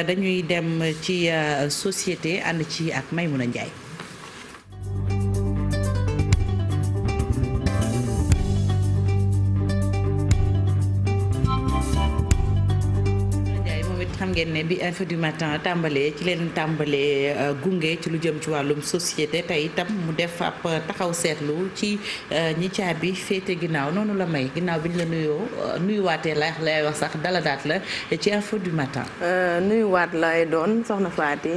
dañuy dem ci euh, société ànd ci ak Maimouna Ndiaye xam ngeen ne bi info du matin tàmbalee ci leen tàmbalee euh, gunge ci lu jëm ci wàllum société tey itam mu def ab euh, taxaw seetlu ci euh, ñi caabi féete ginnaaw noonu la may ginnaaw bi ñu la nuyoo nuyuwaatee la lay wax sax dala la ci info du matin. nuyuwaat lay doon soxna Faty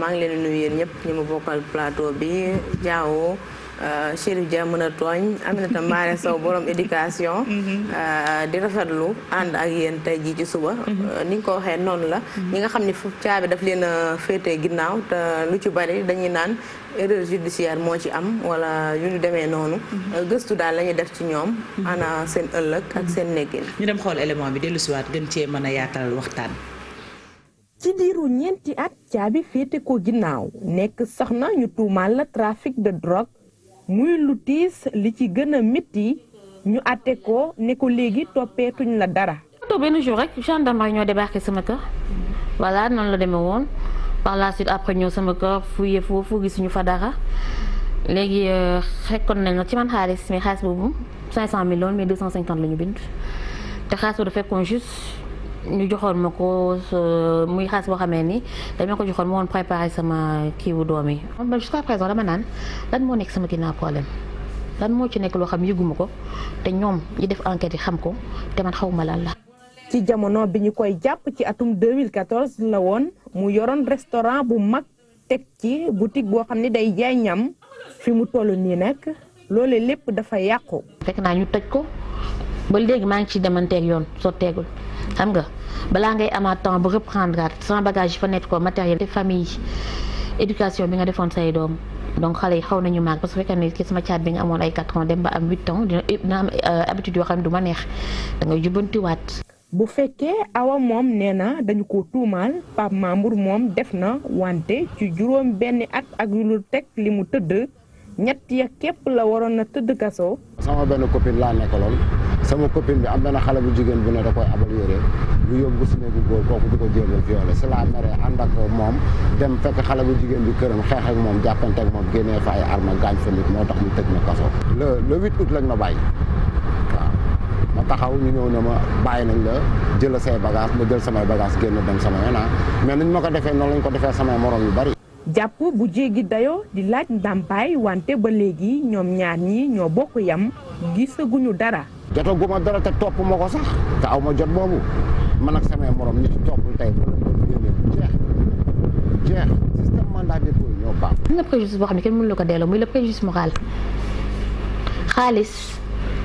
maa ngi leen nuyu yéen ñëpp ñi mu bokkal plateau bi jaawoo. Euh, Chérif Dia mën a tooñ Aminata Mare Sow borom éducation mhm. euh, di rafetlu ànd ak yéen tey jii ci suba mhm. euh, ni nga ko waxee noonu la mhm. ñi nga xam ne foofu caabi daf leen a féetee ginnaaw te lu ci bari dañuy naan erreur judiciaire moo ci am wala yu ñu demee noonu gëstu daal la def ci ñoom ana seen ëllëg ak seen nekkin ñu dem xool élément bi dellu siwaat gën cee mën a yaatal waxtaan ci diiru ñeenti at caabi féete ko ginnaaw nekk soxna ñu tuumaal la trafic de drogue muy lu tiis li ci gën a métti ñu àtte ko ne léegi toppeetuñ la dara. toog benn jour rek gendarmerie ñoo débarqué sama kër voilà noonu la demee woon par la suite après ñëw sama kër fuyee gis gisuñu fa dara léegi xekkoon euh, nañ la ci man xaalis mais xaalis boobu 500000 loon mais 250 la ñu bind te xaalis boobu fekkoon juste. ñu joxoon ma ko muy xaas boo xamee ni dañ ko joxoon ma woon préparé sama kiiwu doom yi. man jusqu'à présent dama naan lan moo nekk sama ginnaaw problème lan moo ci nekk loo xam yëguma ko te ñoom ñu def enquête yi xam ko te man ma lan la. ci jamono bi ñu koy jàpp ci atum 2014 la woon mu yoroon restaurant bu mag teg ci bu boutique boo xam ne day jaay ñam fi mu toll nii nag loole lépp dafa yàqu. fekk naa ñu tëj ko. ba léegi maa ngi ci demanteeg yoon sotteegul xam nga balaa ngay amaat temps bu reprendre at bagage fa nekk ko matériel te famille éducation bi nga defoon say donc xale yi xaw nañu màgg parce fekkee ne ki sama caat bi nga amoon ay 4 ans dem ba am 8 ans dina euh, xam ne du ma da nga jubbantiwaat. bu fekkee awa moom nee na dañu ko tuumaal Pape Mamour moom def na wante ci juróom benn at ak yu lu li mu tëdd ñett képp la waroon na tëdd kaso. sama benn copine laa sama copine bi am benn xale bu jigen bu ne da koy abal yere lu yóbbu si néegu góor kooku kokku ko jéem a violé si la mom dem fekk xala bu jigen bi kërëm xex ak mom jàppante ak mom génnee fa ay arme gañ fa nit moo tax ñu tëj na kasso le le huit août lañ ma bay waaw ma taxaw ñu ñëw na ma bay nañ la jël say bagage ma jël sama bagage génn dem sama yana ah. mais niñ mako ko non lañ ko defee sama morom yu bari jàpp bu jéggi dayo di laaj bay wante ba légui ñom ñaar ñi ño bokk yam gisaguñu dara jotaguma dara te top moko sax te aw ma jot bobu man ak samay morom ni ci topp tey bu jeex jeex système mandat de dépôt ñoo baax. am na préjudice boo xam ne kenn mënu la ko délo muy le préjudice moral xaalis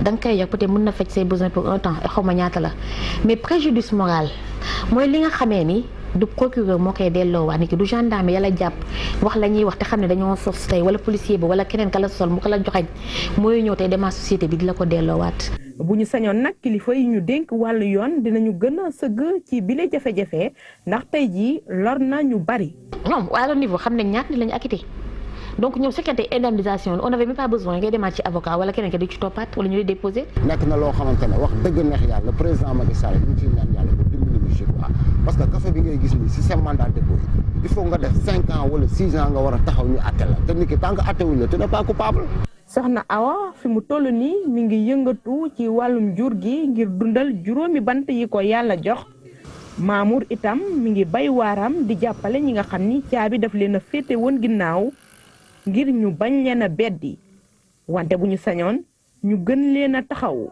dang kay yak yor peut-être mën na faj say besoins pour un temps xawma xaw ñaata la mais préjudice moral moy li nga xamé ni. du procureur moo koy delloowaat nit ki du gendarme yàlla jàpp wax la ñuy wax te xam ne dañoo sos tey wala policier bi wala keneen ka la sol moo ko la joxañ mooy ñëw tey demaat société bi di la ko bu ñu sañoon nag kilifa yi ñu dénk wàllu yoon dinañu gën a sëgg ci bile jafe-jafe ndax tey jii lor na ñu bari. ñoom à leur niveau xam nañ ñaata nit la ñu acquitté donc ñoom su fekkee indemnisation on avait même pas besoin ngay demaat ci avocat wala keneen ke di ci toppaat wala ñu di déposé. nekk na loo xamante ne wax dëgg neex yàlla président Macky Sall ñu ciy yàlla je crois ah. parce que café bi ngay gis nii si sa mandat dépôt yi il faut nga def cinq ans wala six ans nga war a taxaw ñu atte la te nit ki tant que attewuñ la tu n'es pas coupable soxna Awa fi mu toll nii mi ngi yëngatu ci wàllum jur gi ngir dundal juróomi bant yi ko yàlla jox Mamour itam mi ngi bay waaram di jàppale ñi nga xam ni caabi daf leen a féete woon ginnaaw ngir ñu bañ leen a beddi wante bu ñu sañoon ñu gën leen a taxawu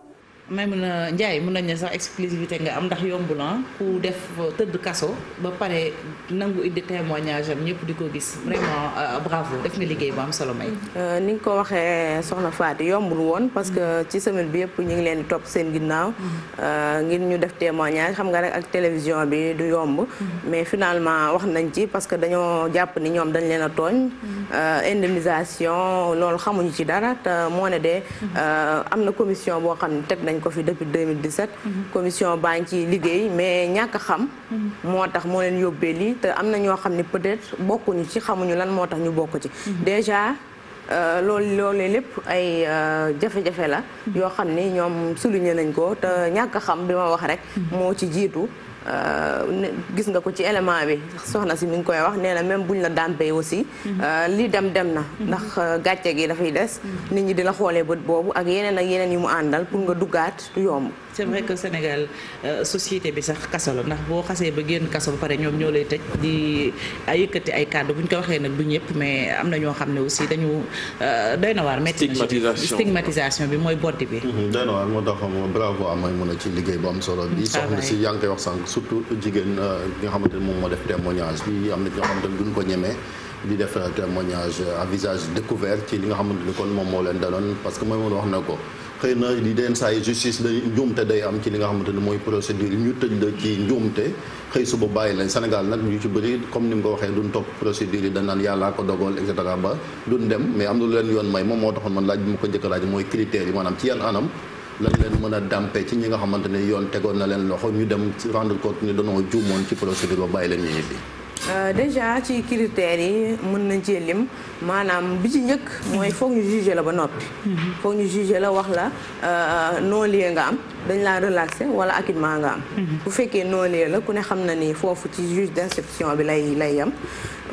Maimouna Ndiaye mën nañ ne sax exclusivité nga am ndax yombul ah. ku def tëdd kaso ba pare nangu indi témoignage am ñëpp di ko gis vraiment euh, bravo def nga liggéey bu am solo may. Euh, ni nga ko waxee soxna Fatou yombul woon parce que mm-hmm. ci semaine bi yëpp ñu ngi leen di topp seen ginnaaw. Mm-hmm. Euh, ngir ñu def témoignage xam nga rek ak télévision bi du yomb. Mm-hmm. mais finalement wax nañ ci parce que dañoo jàpp ni ñoom dañ leen a tooñ. indemnisation loolu xamuñu ci dara te moo ne de am na commission boo xam ne teg nañ ko fi de depuis 2017. commission baa ngi ciy liggéey mais ñàkk xam. moo tax moo leen yóbbee lii te am na ñoo xam ni peut-être bokkuñu ci xamuñu lan moo tax ñu bokk ci. déjà euh, lool loolee lépp ay euh, jafe-jafe la. yoo xam ni ñoom souligné nañ ko te ñàkk xam bi ma wax rek. moo ci jiitu. Euh, gis nga ko ci element bi soxna si mi ngi koy wax neena même buñ la dampé aussi mhm. euh, li dam dem na mhm. ndax euh, gatché gi fay dess mhm. nit ñi dina xolé xoolee bobu ak yenen ak yenen yi mu andal pour nga duggaat du yomb c'est vrai que Sénégal société bi sax kaso la ndax bo xasse ba kasso ba paré ñom ñolay tej di ay yëkëti ay cadeau buñ ko waxé nak du ñëpp mais amna ño xamné aussi dañu doyna war metti stigmatisation bi moy bordi bi doyna war mo doxam bravo amay mëna ci liggéey bu am solo bi ah, soxna ci yank wax sank surtout jigéen euh, nga xamante ne moom moo def témoignage bi am na ñoo ko ñemee di def euh, témoignage euh, à visage découvert ci li nga xamante ni kon moom moo leen daloon parce que mooy moon ci li nga xamante ni mooy procédure yi ñu tëj la ci njuumte xëy suba bàyyi lañ Sénégal nag am na moom moo taxoon man laaj bi ko njëkk a laaj mooy critères maanaam ci yan anam lan leen mën a dàmpee ci ñi nga xamante ne yoon tegoon na leen loxo ñu dem rendre compte ni dañoo juumoon ci procédure ba bàyyi leen ñu ñibbi euh, déjà ci critères yi mën nañ cee lim maanaam bi ci njëkk mooy mhm. foog ñu juger la ba noppi mhm. foog ñu juger la wax la euh, non lieu nga am dañ laa relaxé wala acquittement nga am mhm. bu fekkee non lieu la ku ne xam na ni foofu ci juge d'instruction bi lay lay yem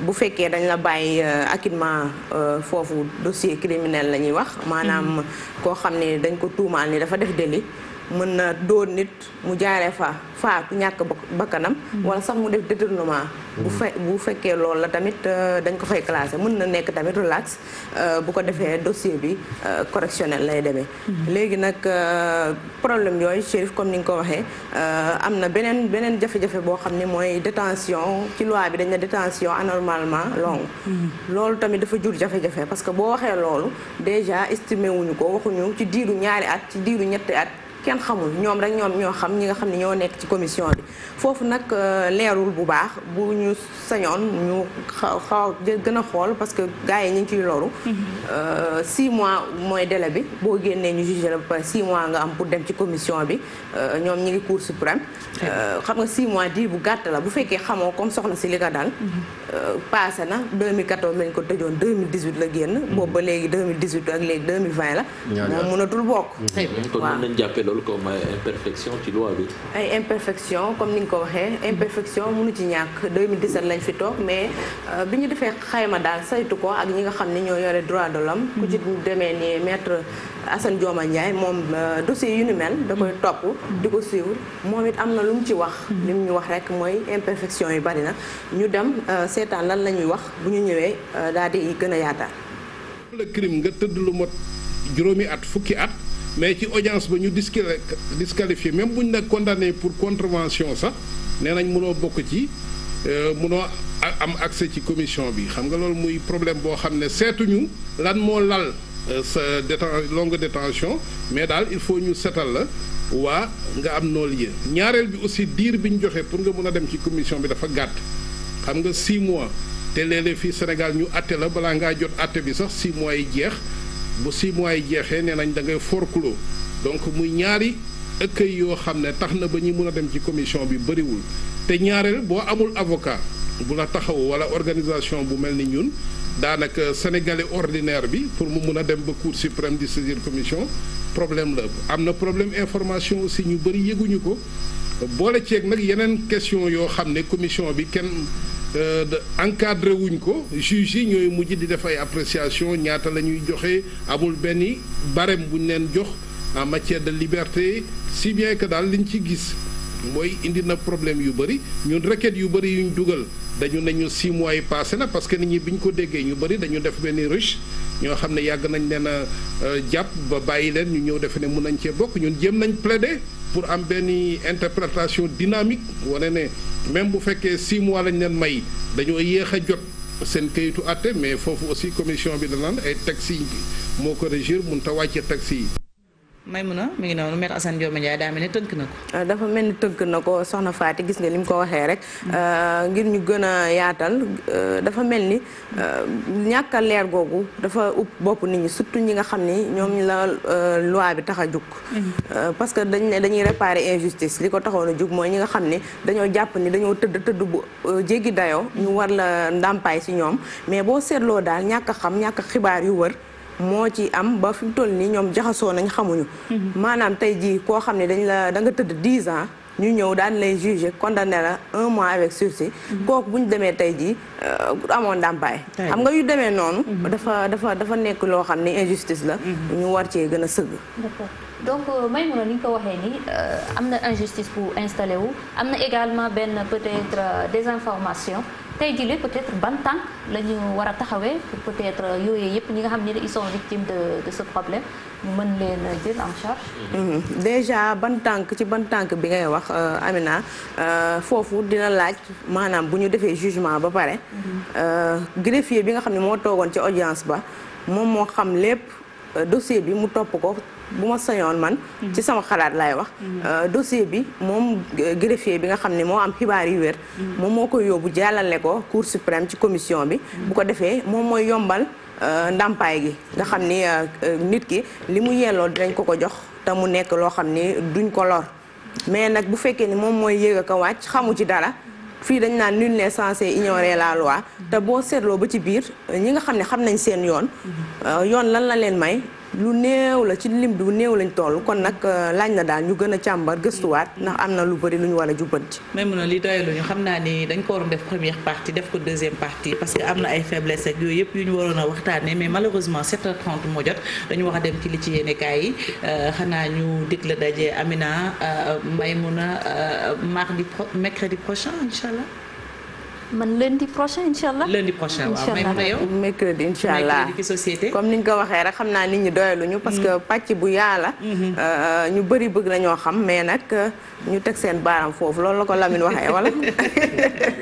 bu fekkee dañ la bàyyi euh, acquittement euh, foofu dossier criminel la ñuy wax maanaam mm-hmm. koo xam ne dañ ko tuumaal ni dafa def délit mën na doon nit mu jaaree fa faatu ñàkk bakkanam hmm. wala sax mu def détournement bu hmm. bu fekkee loolu la tamit euh, dañ ko fay classé mën na nekk tamit relax euh, bu ko defee dossier bi euh, correctionnel lay demee hmm. léegi nag problème yooyu Chérif comme ni nga ko waxee am na beneen beneen jafe-jafe boo xam ne mooy détention ci loi bi dañ na détention anormalement longue loolu tamit dafa jur jafe-jafe parce que boo waxee loolu déjà estimé wuñu ko waxuñu ci diiru ñaari at ci diiru ñetti at ken xamul ñom rek ñom ñoo xam ñi nga xam ni ñoo nekk ci commission bi fofu nak euh, leerul bu baax bu ñu sañon ñu xaw gëna xol parce que gaay yi ñu ngi ciy loru. 6 mm-hmm. euh, mois moy délai bi bo génné ñu jugé la ba 6 mois nga am pour dem ci commission bi euh, ñom ñi ngi cour suprême. xam nga 6 mois di bu gatt la bu fekkee xamoo comme soxna ci li nga dal. Mm-hmm. passé na 2014 lañ ko tëjoon 2018 la génn. Mm-hmm. bo ba légui 2018 ak légui 2020 la. mo mënatul bok loolu comme imperfection ci loi bi. ay imperfection comme ni nga ko waxee. imperfection mënu ci ñàkk 2017 lañ fi toog mais euh, bi ñu defee xayma daal saytu ko ak ñi nga xam ne ñoo yore droit de l'homme ku ci mm-hmm. demee ni maître Assane Dioma Ndiaye moom euh, dossier yu ni mel. da koy mm-hmm. topp di ko suivre moom it am na lu mu ci wax. Mm-hmm. li mu ñu wax rek mooy imperfection yu bari na ñu dem euh, seetaan lan la ñuy wax bu ñu ñëwee daal di gën a yaatal. mais ci audience ba ñu disqui disqualifié même bu ñu la condamné pour contravention ça né nañ mënoo bok ci euh mënoo am accès ci commission bi xam nga lool muy problème bo xamné ne seetuñu lan moo lal euh, sa déten longue détention mais dal il faut ñu sétal la wa nga am non-lieu ñaareel bi aussi diir bi ñu joxe pour nga mëna a dem ci commission bi dafa gatt xam nga 6 mois té léeg-léeg fii Sénégal ñu atté la balaa nga jot atté bi sax 6 mois yi jeex bu six mois yi da ngay donc muy ñaari yoo xam ne ba dem ci commission bi bëriwul te ñaareel boo amul avocat bu la taxaw wala organisation bu mel ni sénégalais ordinaire bi pour mu mun a dem ba cour suprême saisir commission problème la am problème information aussi ñu bëri ko question commission bi kenn Euh, encadré wuñ ko juges yi ñooy mujj di def ay appréciation ñaata la ñuy joxe amul benn barème bu ñu leen jox en matière de liberté si bien que daal liñ ci gis mooy indi na problème yu bëri ñun requête yu bëri yuñ dugal dañu nañu 6 mois yi passé na parce que nit ñi bi ñu ko déggee ñu bëri dañu def benn riche ñoo xam ne yàgg nañ leen a euh, jàpp ba bàyyi leen ñu ñëw defe ne mun nañ cee bokk ñun jéem nañ plaider pour am benn interprétation dynamique wane ne même bu fekkee 6 lañ leen may dañoo yéex a jot seen kayitu àtte mais foofu aussi commission bi danaan ay taxi moo ko régir mun ta wàcce taxi yi Maymuna mu ngi noonu maître Assane Diome Ndiaye daa mel ni tënk na ko. Ah, dafa mel ni tënk na ko soxna Faati gis nga li mu ko waxee rek. Ah, ngir ñu gën a yaatal ah, dafa mel ni ñàkk a leer googu dafa upp bopp nit ñi surtout ñi nga xam ni ñoom la loi bi tax a jug. parce que dañ ne dañuy réparer injustice li ko taxoon a jug mooy ñi nga xam ne dañoo jàpp ni dañoo tëdd tëdd bu jéggi dayoo. ñu war la ndàmpaay si ñoom mais boo seetloo daal ñàkk xam ñàkk xibaar yu wër. moo ci am ba fi toll ni ñom jaxasoo nañ xamuñu mhm. manam tay ji ko xamni dañ la da nga teud 10 ans ñu ñew daan lay juger condamner la 1 mois avec sursis mhm. kooku bu ñu demee tey jii euh, amoon ndàmpaay xam nga yu démé non mhm. dafa dafa dafa nek lo xamni injustice la ñu war ci gëna a sëgg donc euh, Maïmouna ni ko waxé ni euh, amna injustice bu installé wu amna également ben peut-être désinformation tey jii peut être ban tànk la ñu war a pour peut être euh, yoyé yépp ñi nga xam ils sont victimes de de ce problème ñu mën leen jël en charge. Mhm. déjà ban tànk ci ban tànk bi ngay wax euh, Amina euh, fofu dina laaj manam buñu défé jugement ba paré mhm. euh greffier bi nga xam mo togon ci audience ba mom mo xam lépp dossier bi mu top ko. bu ma sañoon man mhm. ci sama xalaat laay wax mhm. euh, dossier bi moom greffier bi nga xam ne moo am xibaar yu wér mhm. moom moo ko yóbbu jàllale ko Cour suprême ci commission bi bu ko defee moom mooy yombal euh, ndàmpaay gi nga xam ni euh, nit ki li mu yelloo dinañ ko ko jox te mu nekk loo xam ni duñ ko lor mais nag bu fekkee ni moom mooy yëg ak a wàcc xamu ci dara fii dañ naan nul n'est censé ignorer la loi te boo seetloo ba ci biir ñi nga xam ne xam nañ seen yoon yoon lan la leen may lu neew la ci lim bu neew lañ toll kon nak euh, lañ na daal ñu gëna chambar gëstu gëstuwaat ndax amna lu bari lu ñu war a jubbanti même na li doyalu ñu xamna ni dañ ko waroon def première partie def ko deuxième partie parce que amna ay faiblesse ak yoy yëpp yu ñu warona a mais malheureusement 7h30 mo jot dañu wax dem ci li ci yene kay yi euh, xana ñu dig dajé Amina euh, Maymuna mardi mercredi prochain inshallah man lundi prochain allah lundi prochain waaw may mercredi allah mercredi ci société comme ni ko waxee rek xam nit ñi doyaluñu parce que mm-hmm. pàcc bu yaala mm-hmm. euh, euh, ñu bëri bëgg nañoo xam mais nag euh, ñu seen loolu la ko Lamine wala